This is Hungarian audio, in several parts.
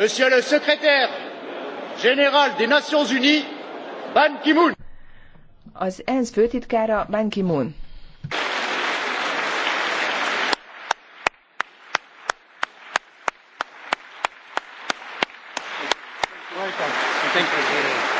Monsieur le secrétaire général des Nations Unies, Ban Ki-moon. Az ENSZ főtitkára Ban Ki-moon. Thank you.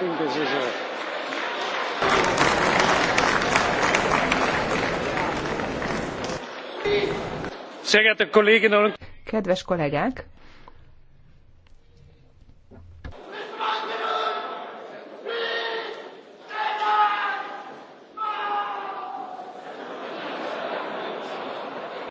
think this is a Kedves kollégák!